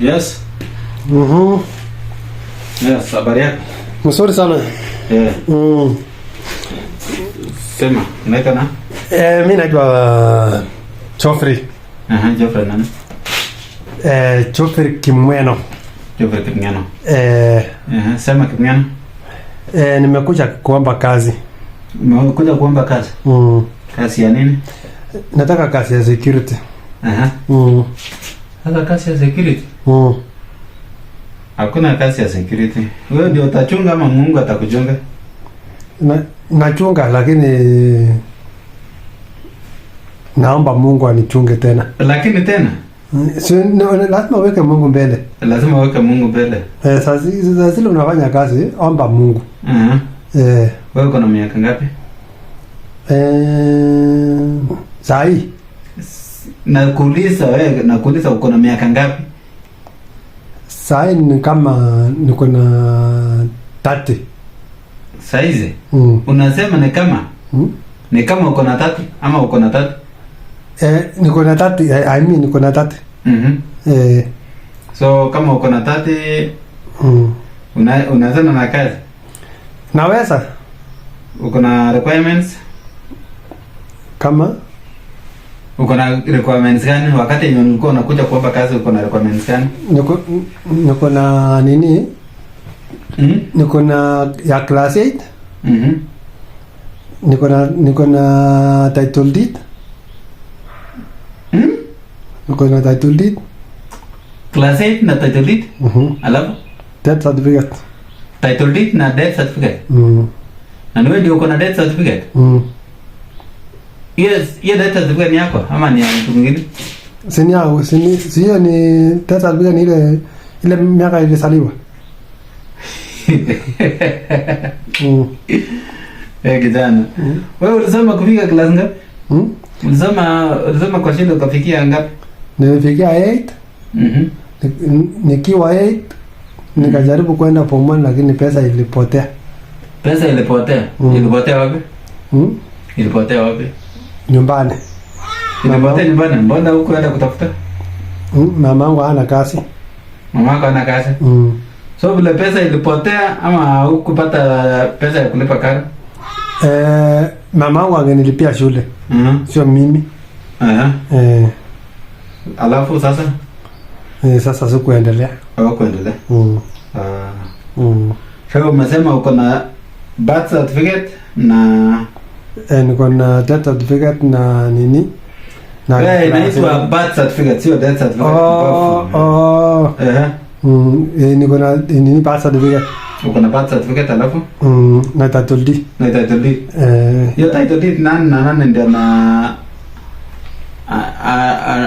Yes. Mhm. Yes, habari yako? Mzuri sana. Eh. Yeah. Mm. Sema, unaitwa na? Eh, mimi naitwa Chofri. Uh, Aha, Geoffrey nani? Eh, Chofri Kimweno. Chofri Kimweno. Eh. Eh, sema Kimweno. Eh, nimekuja kuomba kazi. Nimekuja kuomba kazi? Mm. Kazi ya nini? Nataka kazi ya security. Aha. Mm. Sasa kazi ya security? Mm. Hakuna kazi ya security. Wewe ndio utachunga ama Mungu atakuchunga? Na nachunga lakini naomba Mungu anichunge tena. Lakini tena? Si lazima weke Mungu mbele. Lazima weke Mungu mbele. Eh, sasa zile unafanya kazi, omba Mungu. Mhm. Uh -huh. Eh. Wewe uko na miaka ngapi? Eh, sahi. Nakuuliza wewe, nakuuliza uko na miaka ngapi? Saa ni kama niko na tati saizi. Mm. Unasema ni kama mm? Ni kama uko na tati ama uko na tati Eh, niko na tati I mean niko na tati mm-hmm. eh. So kama uko na tati mm. Una unasema na kazi. Naweza. Uko na requirements? Kama Uko na requirements gani? Wakati yenyewe ulikuwa unakuja kuomba kazi uko na requirements gani? Niko niko na nini? Mhm. Mm niko na ya class 8. Mhm. Mm niko na niko na title deed. Mhm. Niko na title deed. Class 8 na title deed? Mhm. Mm Alafu death certificate. Title deed na death certificate. Mhm. Mm na wewe ndio uko na death certificate? Mhm. Mm Yes, hiyo data zilikuwa ni yako ama ni ya mtu mwingine? Si ni yangu, si ni si hiyo ni data zilikuwa ni ile ile miaka ilisaliwa. mm. Eh, kijana. Mm. Wewe ulisema kufika class ngapi? Mm. Ulisema ulisema kwa shida ukafikia ngapi? Nilifikia 8. Mhm. Mm Nikiwa 8 nikajaribu kwenda form 1 lakini pesa ilipotea. Pesa ilipotea. Mm. Ilipotea wapi? Mm. Ilipotea wapi? nyumbani. Unapotea nyumbani, mbona huko hata kutafuta? Mm, mamangu hana kazi. Mama Mamangu hana kazi. Mm. So vile pesa ilipotea ama hukupata pesa ya kulipa karo? Eh, mama mamangu angenilipia shule. Mhm. Mm Sio mimi. Aha. Uh -huh. Eh. Alafu sasa? Eh, sasa sikuendelea. Au kuendelea? Mm. Ah. Uh. Mm. Sasa umesema uko na birth certificate na eh, niko na death certificate na nini na hey, eh, inaitwa birth certificate sio death certificate. Oh, oh. Eh. Mm, eh, niko na eh, nini birth certificate. Uko na birth certificate alafu? Mm, na title deed. Na title deed. Eh. Hiyo title deed nani na nani ndio na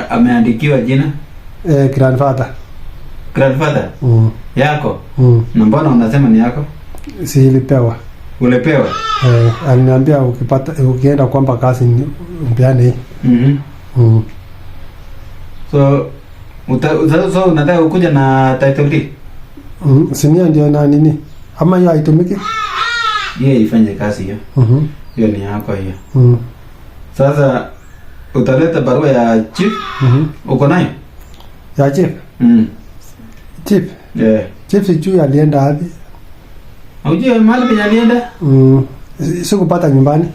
ameandikiwa jina? Eh, grandfather. Grandfather? Mm. Yako? Mm. Na mbona unasema ni yako? Si ilipewa ulipewa? Eh, aliniambia ukipata ukienda kwamba kazi mpeane. Mhm. Mm. So uta, uta, so unataka ukuja na title deed? Mm, sinia ndio na nini? Ama hiyo haitumiki? Yeye ifanye kazi hiyo. Mhm. Hiyo ni yako hiyo. Mhm. Sasa utaleta barua ya chief? Mhm. Uko nayo? Ya chief? Mhm. Chief? Yeah. Chief sijui alienda hapi Haujui mahali penye alienda? Mm. Sikupata nyumbani.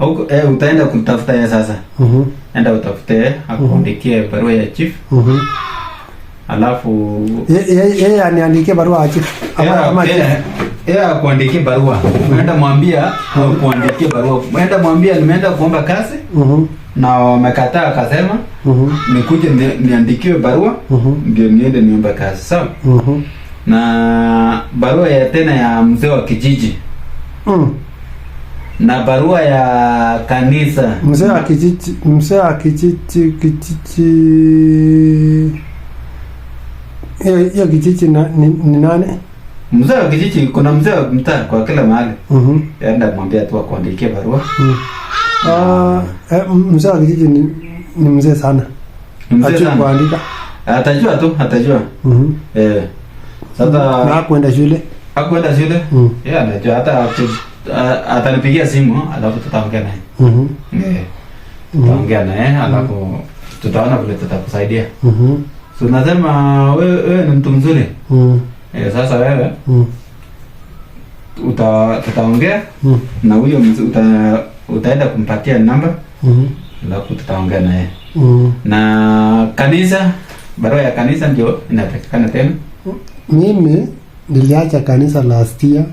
Huko eh, utaenda kumtafuta yeye sasa. Mhm. Mm Enda utafute akuandikie mm -hmm. barua ya chief. Mhm. Mm Alafu yeye yeye aniandikie barua ya chief. Ama yeye akuandikie barua. Unaenda mm -hmm. mwambia akuandikie barua. Unaenda mwambia nimeenda kuomba kazi. Mhm. Mm na wamekataa akasema, mhm. Mm nikuje niandikiwe barua Mhm. mm -hmm. niende niombe kazi. Sawa? Mhm. Mm na barua ya tena ya mzee wa kijiji mm. na barua ya kanisa mzee wa kijiji mzee wa kijiji kijiji hiyo kijiji na, ni, ni nani? Mzee wa kijiji, kuna mzee wa mtaa kwa kila mahali mm -hmm. Enda mwambia tu akuandikie barua mm. Ah, eh, mzee wa kijiji ni, ni mzee sana, ni mzee sana. Kuandika atajua tu atajua mm -hmm. eh. Sasa na kwenda shule? Hakwenda shule? Mm. Yeah, anajua hata atanipigia simu alafu tutaongea naye. Mhm. Eh. Tutaongea naye mm-hmm. alafu tutaona vile tutakusaidia. Mhm. So nasema wewe wewe ni mtu mzuri. Mhm. Eh, sasa wewe mm. uta tutaongea mm. na huyo uta, utaenda kumpatia namba mm alafu tutaongea naye mm na kanisa, barua ya kanisa ndio inatakikana tena mm mimi niliacha kanisa last year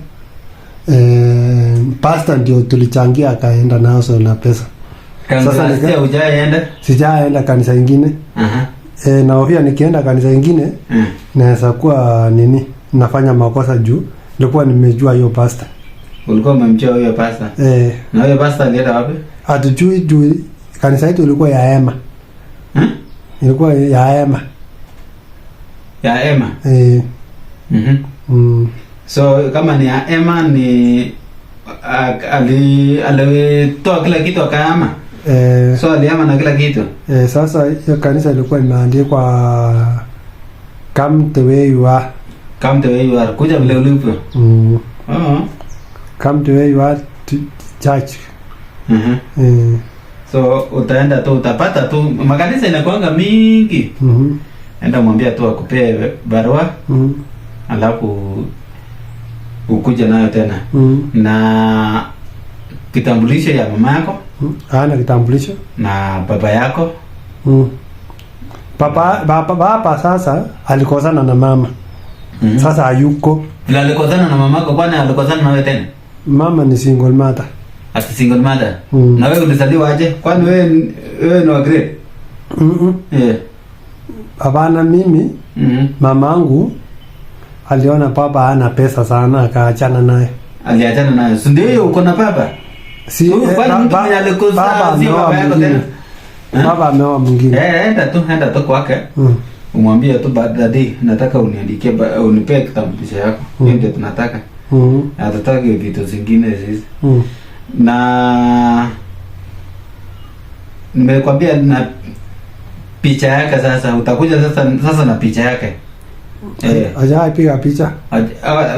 eh, pastor ndio tulichangia akaenda nazo na pesa. Sasa nika, ujaenda? Sijaenda kanisa ingine. Uh-huh. E, na hofia nikienda kanisa ingine uh mm. -huh. naweza kuwa nini nafanya makosa juu nilikuwa nimejua hiyo pasta. Ulikuwa umemjua huyo pasta? Eh. Na huyo pasta alienda wapi? Hatujui juu kanisa yetu ilikuwa ya Ema. huh? Hmm? Ilikuwa ya Ema. Ya Ema. Eh mm -hmm. mm. So kama ni Emma ni ali alitoa kila kitu akaama eh, so aliama na kila kitu eh. Sasa hiyo kanisa ilikuwa imeandikwa come the way you are, come the way you are, kuja vile ulipo mm. Oh. come the way you are church uh mm-hmm. -huh. eh. So utaenda tu utapata tu makanisa inakuanga mingi mm -hmm. Enda mwambia tu akupee barua mm -hmm alafu ukuja nayo tena mm. na kitambulisho ya mama yako mm. ana ah, kitambulisho na baba yako mm. Papa, baba, baba sasa alikosana na mama mm Sasa ayuko Bila alikosana na mama yako, kwani alikosana na wewe tena? Mama ni single mother. As single mother. Mm. Na wewe ulizaliwa aje? Kwani wewe wewe ni wa grade? Mm -mm. Yeah. Hapana, mimi mm -hmm. mamangu aliona baba ana pesa sana akaachana naye. Aliachana naye. Si ndio uko na baba? Si so, eh, baba mwenye alikuza baba si baba Baba ameoa mwingine. Eh, enda tu enda tu kwake. Mm. Umwambie tu daddy, nataka uniandikie unipe kitambulisho yako. Mm. Ndio tunataka. Mm. Atataka vitu zingine hizi. Mm. Na nimekwambia na picha yake sasa utakuja sasa sasa na picha yake. mm. Eh. Aja apiga picha.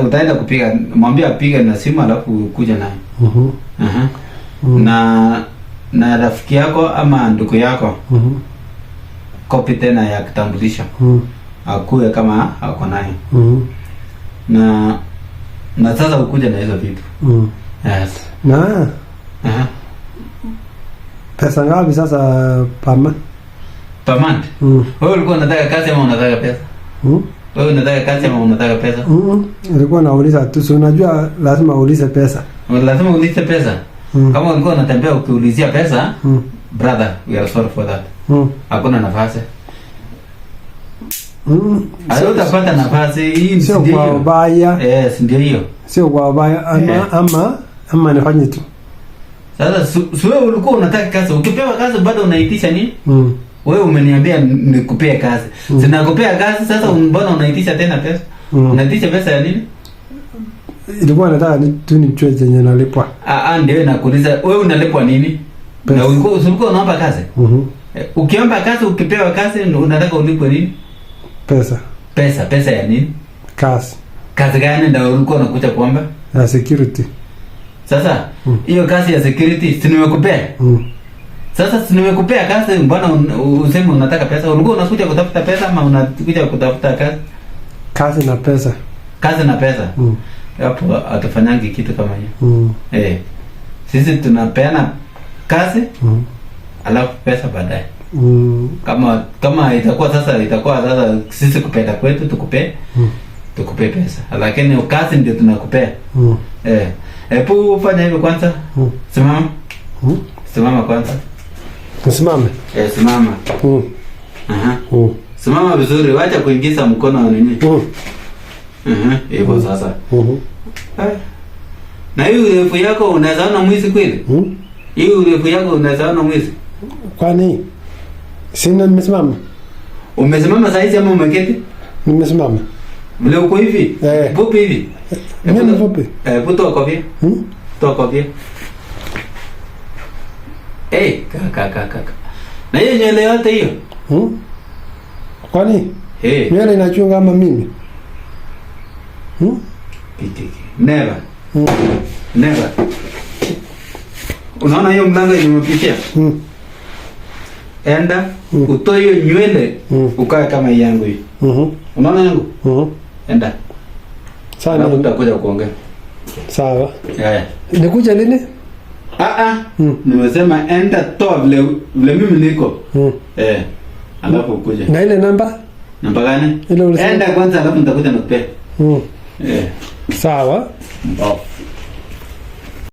utaenda kupiga, mwambie apige na simu alafu kuja naye. Mhm. Uh Na na rafiki yako ama ndugu yako. Mhm. Uh -huh. Kopi tena ya kitambulisho. Mhm. Uh -huh. Akuwe kama ako naye. Mhm. Uh -huh. Na na sasa ukuja na hizo vitu. Mhm. Uh -huh. Yes. Na. Aha. Uh -huh. Pesa ngapi sasa per month? Mhm. Uh -huh. Wewe ulikuwa unataka kazi ama unataka pesa? Mhm. Uh -huh. Wewe unataka kazi ama unataka pesa? Mm. Nilikuwa nauliza tu, si unajua lazima uulize pesa. Lazima uulize pesa. Mm. Kama ungekuwa unatembea ukiulizia pesa, mm. brother, we are sorry for that. Mm. Hakuna nafasi. Mm. Hayo utapata nafasi hii ndio. Sio kwa ubaya. Eh, yes, ndio hiyo. Sio kwa ubaya ama yeah. ama ama nifanye tu. Sasa sio ulikuwa unataka kazi. Ukipewa kazi bado unaitisha nini? Mm wewe umeniambia nikupee kazi mm. Sinakupea kazi sasa, mm. mbona unaitisha tena pesa mm. Unaitisha pesa ya nini? Ilikuwa nataka tu ni nichue zenye nalipwa. Ah ah, ndio nakuuliza wewe unalipwa nini? Pesa. Na ulikuwa ulikuwa unaomba kazi? Mhm. Mm -hmm. Ukiomba kazi ukipewa kazi unataka ulipwe nini? Pesa. Pesa, pesa ya nini? Kazi. Kazi gani ndio ulikuwa unakuja kuomba? Ya security. Sasa mm. hiyo mm. kazi ya security si nimekupea? Mhm. Sasa nimekupea kazi, mbona useme unataka pesa? Ulikuwa unakuja kutafuta pesa ama unakuja kutafuta kazi? Kazi na pesa. Kazi na pesa. Mm. Hapo atafanyangi kitu kama hiyo. Mm. Eh. Sisi tunapeana kazi. Mm. Alafu pesa baadaye. Mm. Kama kama itakuwa sasa itakuwa sasa sisi kupenda kwetu tukupe. Mm. Tukupe pesa. Lakini kazi ndio tunakupea. Mm. Eh. Hebu fanya hivyo kwanza. Mm. Simama. Mm. Simama kwanza. mm. Nisimame. Eh, simama. Mm. Aha. Mm. Simama vizuri, wacha kuingiza mkono wa nini? Mm. Mhm, hivyo mm. sasa. Mhm. Mm Na hiyo urefu yako unaweza ona mwizi kweli? Mhm. Hiyo urefu yako unaweza ona mwizi? Kwani? Sina nimesimama. Umesimama saa hizi ama umeketi? Nimesimama. Mle uko hivi? Eh. Vupi hivi? Mimi eh, vupi? Eh, vutoa kofia. Mhm. Toa kofia. Hey, eh, kaka kaka kaka. Na yeye nywele yote hiyo? Hmm? Kwani? Hey. Eh. Nywele inachunga ama mimi? Hmm? Pitiki. Never. Hmm. Never. Unaona hiyo mlanga imepitia? Hmm. Enda mm. utoe hiyo nywele mm. ukae kama yangu hii. Mhm. Mm Unaona yangu? Mhm. Mm Enda. Sawa. Na utakuja kuongea. Sawa. Eh. Yeah. Nikuja lini? Ah, ah, hmm. Nimesema enda toa vile vile mimi niko hmm. Eh, alafu ukuje na ile namba namba gani? Enda kwanza, alafu nitakuja nakupea hmm. Eh, sawa oh.